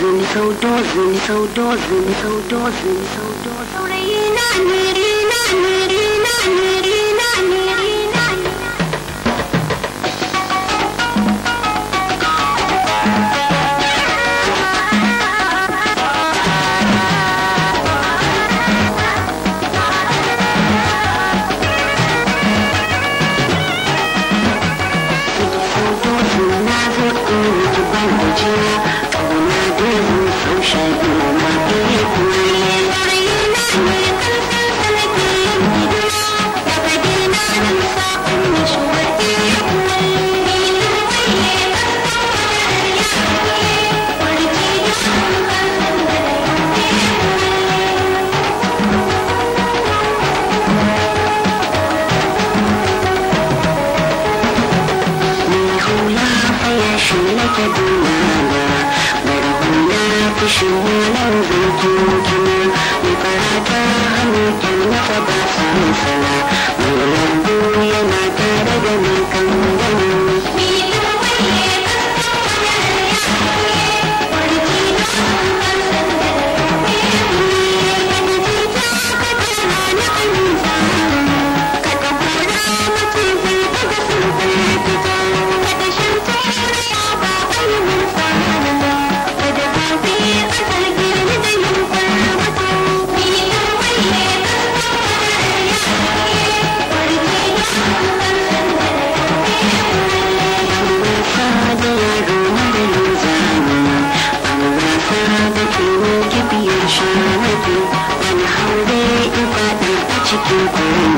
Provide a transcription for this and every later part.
zuni kaudo zuni kaudo zuni kaudo zuni kaudo sorayi na mere shirin dokin gina mai barata hannun kyan mata ba samun sana mai lambu yana tare da mai kan gana Thank you.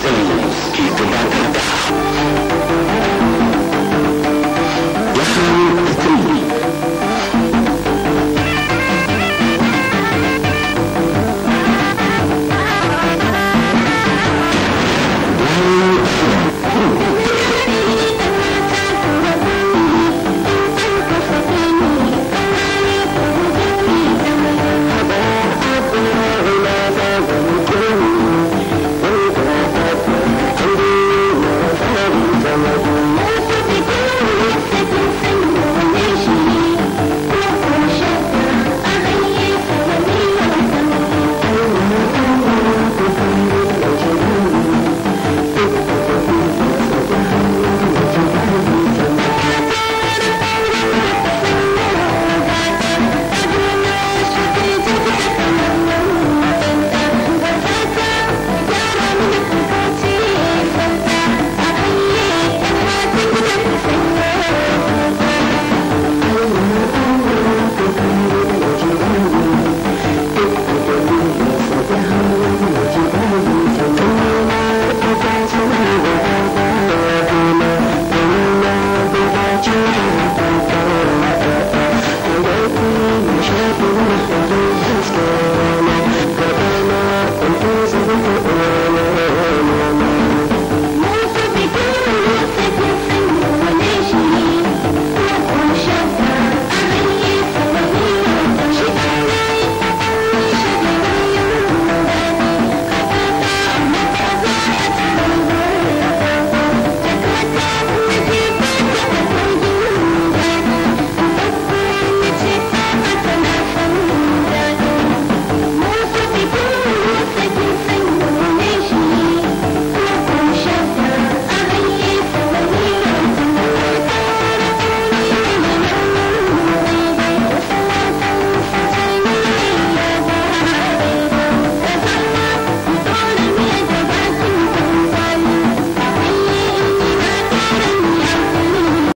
keep the up.